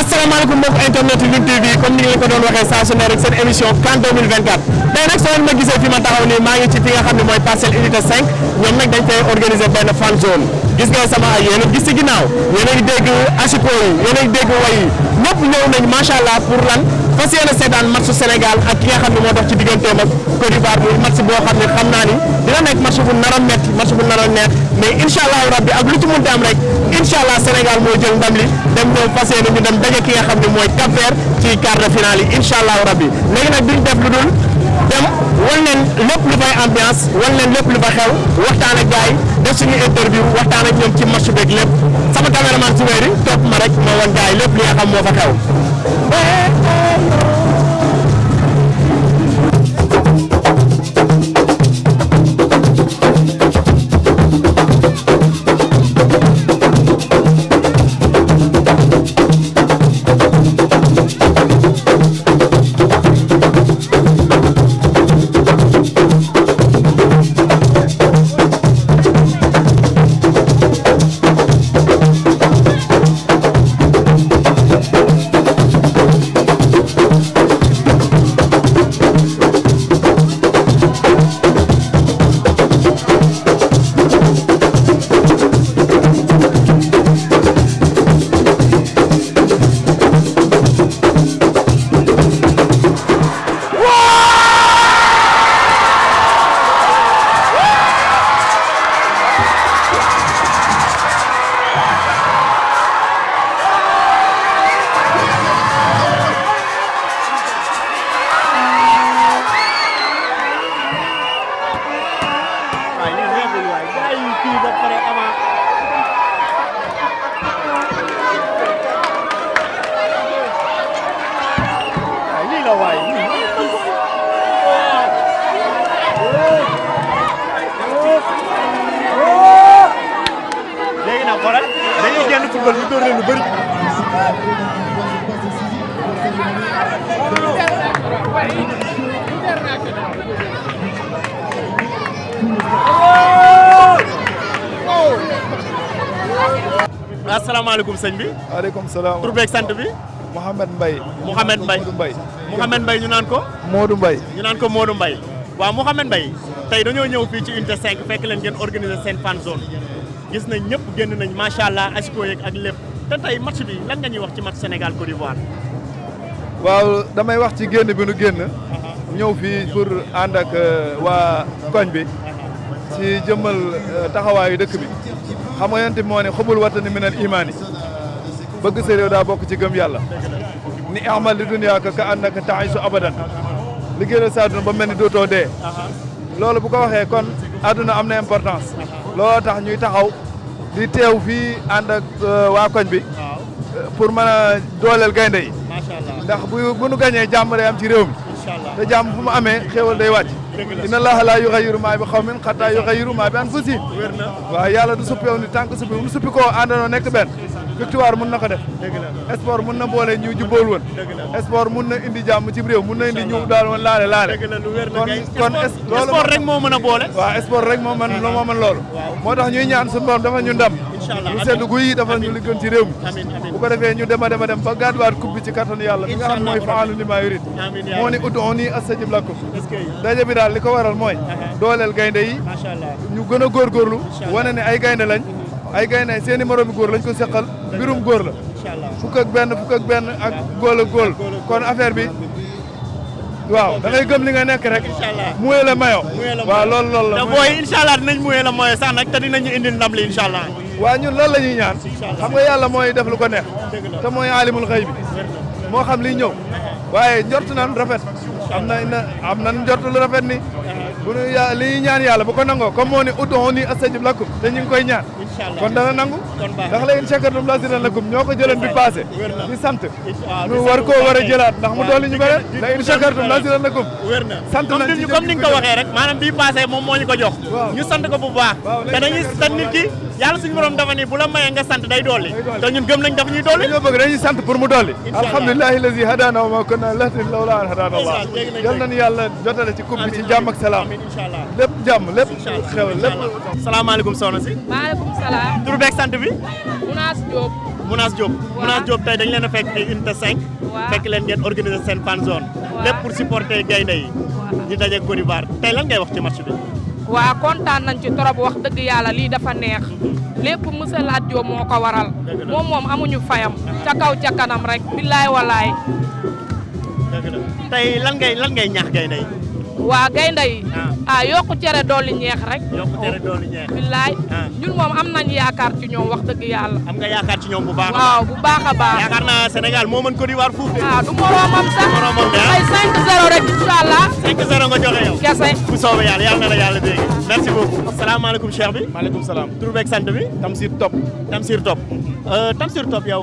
asalaamaaleykum mbokk internet Lutte TV comme ni nga ko doon waxee saa su ne rek seen émission nag soo ma gisee fi taxaw nii maa ci fi nga xam mooy parcelle unité ñoom nag dañ fay organiser benn fan zone gis nga sama ay a gis ci ginnaaw yéen a ngi dégg asiko yi way yi ñëpp ñëw nañ macha fas yéene seetaan matchu Sénégal ak ki nga xam ne moo dox ci digganteem ak Côte muy match boo xam ne xam naa ni dina nekk match bu nar a metti match bu nar a neex mais incha allah rabbi ak lu ci mënti am rek incha allah Sénégal jël ndam li dem ñoom fas yéene ñu dem daje ki nga xam ne mooy Cap ci quart de finale yi incha allah rabbi léegi nag duñ def lu dul dem wan leen lépp lu fay ambiance wan leen lépp lu fa xew waxtaan ak gars def suñu interview waxtaan ci match beeg lépp sama lépp li nga salaamaaleykum sëñ bi. waaleykum salaam tur beeg sant bi. Mouhamed Mbaye. Mouhamed mbay Modou Mbaye. Mouhamed Mbaye ñu naan ko. Modou Mbaye. ñu naan ko Modou Mbaye. waaw Mouhamed Mbaye tey dañoo ñëw fii ci unité 5 fekk leen ngeen organiser seen fan zone gis nañ ñëpp génn nañ macha allah asiko yeeg ak lépp te tey match bi lan nga ñuy wax ci match Sénégal Côte waaw damay wax ci génn bi nu génn. Uh-huh. ñëw fii pour ànd ak euh, waa koñ bi. Uh-huh. ci jëmmal euh, taxawaayu dëkk bi. xam nga yonent bi moo ne xubul watani minal imaani ba sa réew daa bokk ci gëm yàlla ni amal li dunya ka ka annaka ta'isu abadan liggéeyal sa àdduna ba mel ni dootoo dee loolu bu ko waxee kon àdduna am na importance looloo tax ñuy taxaw di teew fii ànd ak uh, waa koñ bi pour mën a dooleel gaynde yi ndax bu bu nu gañee jàmm day am ci réew mi te jàmm fu mu amee xéewal day wàcc inna allaha laa yughayyiru maa bi qawmin hattaa yughayyiru maa bi anfusihim waaw yàlla du suppi yow ni tànk suppi mu suppi koo àndandoo nekk mun na ko def sport mun na boole ñu jubbool woon sport mun na indi jàmm ci réew mun na indi ñu daal woon laale laale kon kon rek moo mën a boole waaw sport rek moo mën moo mën loolu moo tax ñuy ñaan suñu borom dafa ñu ndam incha allah mu sedd guy defal ñu li gën ci réew mi bu ñu dema dema dem ba gàdduwaat coupe bi ci kattanu yàlla li nga xam mooy faalu li maa yurid moo ni uddu lakum daje bi daal li ko waral mooy dooleel gaynde yi ñu gën a góorgóorlu wane ne ay gaynde lañ mhm. ay gaynde seen i moroomi góor lañ ko seqal mbirum góor la fukk ak benn fukk ak benn ak góol góol kon affaire bi waaw da ngay gëm li nga nekk rek. incha allah muyee la mayo. waaw loolu loolu la. te booy incha allah dinañ muyee la mayo sax nag te dinañu indil ndam waaye ñun loolu la ñuy ñaan xam nga yàlla mooy def lu ko neex te mooy aalimul xëy bi moo xam liy ñëw waaye njort nan rafet am na am nan njort lu rafet ni bu nu yà li ñuy ñaan yàlla ko nangoo comme moo ne ud'uuni lakum te ñu ngi koy ñaan kon dana nangu ndax la in shakartum la azidannakum lakum ñoo ko jëloon bi passé di sant nu war koo war a jëlaat ndax mu dolli ñu bare la in shakartum la azidannakum sant nañ ci ñu ko jox ñu sant bu baax te dañuy sant sant day dolli te ñun gëm nañ dafa ñuy dolli ñoo bëgg dañuy sant pour mu dolli alhamdulillahi allazi hadana wa ma kunna lahtadi lawla an hadana allah yal nañu yàlla jotale ci coupe ci jàmm ak amiin jam, lépp soxna si maaleykum salaam tur beeg sant bi munas job munas job munas job tey dañ leen a fekk fii 5 fekk leen ngeen organiser seen fan zone lépp pour supporter gaynde yi ñu daje Côte d'Ivoire tey lan ngay wax ci match bi nañ ci wax dafa neex monsieur waral moom moom amuñu fayam ca kaw ca kanam rek billaay walaay dëgg lan ngay lan ngay ñaax yi waa gaynde yi ah. ah yokku cere dolli ñeex rek yokku cere oh, dolli ñeex billaay ah. ñun moom am nañ yaakaar ci ñoom wax dëgg yàlla am nga yaakaar ci ñoom bu baax waaw bu baax a baax yaakaar naa Sénégal moo mën Côte d'Ivoire fuuf de waaw ah, du moroomam sax moroomam de ay 5-0 rek incha allah 5-0 nga joxe yow kese bu soobee yàlla yàlla na la yàlla dégg merci beaucoup asalaamaaleykum cheikh bi maaleykum salaam tur beeg sant bi Tamsir Top Tamsir Top mhm. euh, Tamsir Top yow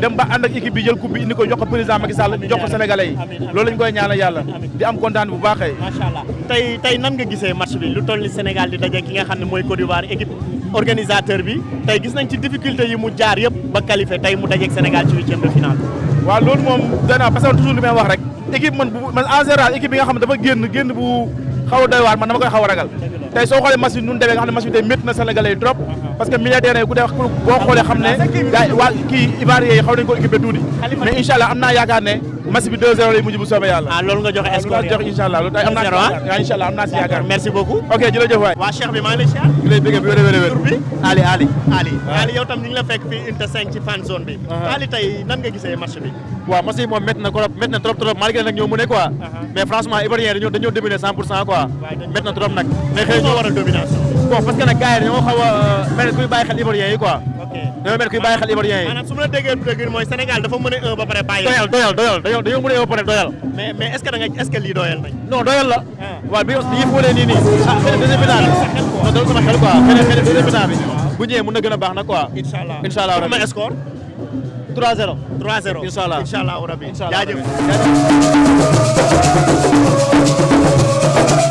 dem ba ànd ak équipe bi jël coupe bi indi ko jox ko président Macky Sall jox ko sénégalais yi loolu lañ koy ñaanal yàlla di am kontaan bu baaxee tey tey nan nga gisee match bi lu toll ni Sénégal di daje ki nga xam ne mooy Côte d'Ivoire équipe organisateur bi tey gis nañ ci difficulté yi mu jaar yëpp ba qualifié tey mu dajeeg Sénégal ci huitième de finale waaw loolu moom danaa parce que toujours li may wax rek équipe man bu man en général équipe bi nga xam dafa génn génn a doy waar man a tey soo xoolee machine nun demee nga xam ne machine tey métti na sénégalais parce que milliardaires yi ku def boo xoolee xam ne gars yi waa kii ivoiriens yi xaw nañu ko équipé tuuti mais incha am naa yaakaar ne match bi 2-0 lay mujj bu soobee yàlla. ah loolu nga joxe espoir ah, waaw loolu laa joxe incha allah loolu am naa si yaakaar ah. incha allah am naa si yaakaar. merci beaucoup ok jërëjëf waay. waa Cheikh bi maa ngi lay siyaar. di lay bëgg bi wér wér wér. tur bi Ali Ali. Ali ah. Ali yow tam ñu ngi la fekk fii Unité 5 ci fan zone bi. Ali tey nan nga gisee match bi. waaw match bi moom métti na trop métti na trop trop malgré nag ñoo mu ne quoi. mais franchement Ivoirien dañoo dañoo dominer 100 pour cent quoi. métti na trop nag. mais xëy na ñoo war a domination. bon parce que nag gars yi dañoo xaw a euh, mel kuy bàyyi xel Ivoirien yi quoi dafa mel kuy bàyyi xel ivoirien yi. maanaam su ma la déggee dëgg mooy Sénégal dafa mën a ba pare bàyyi. doyal doyal doyal doyal. mais mais est ce lii doyal nañ. non doyal la. Ah. bi aussi yëpp wane nii nii. ah beneen deuxième bi ah, non doyul sama xel quoi beneen beneen deuxième bi ah. bu na a baax na quoi. incha allah incha allah rabi ma score.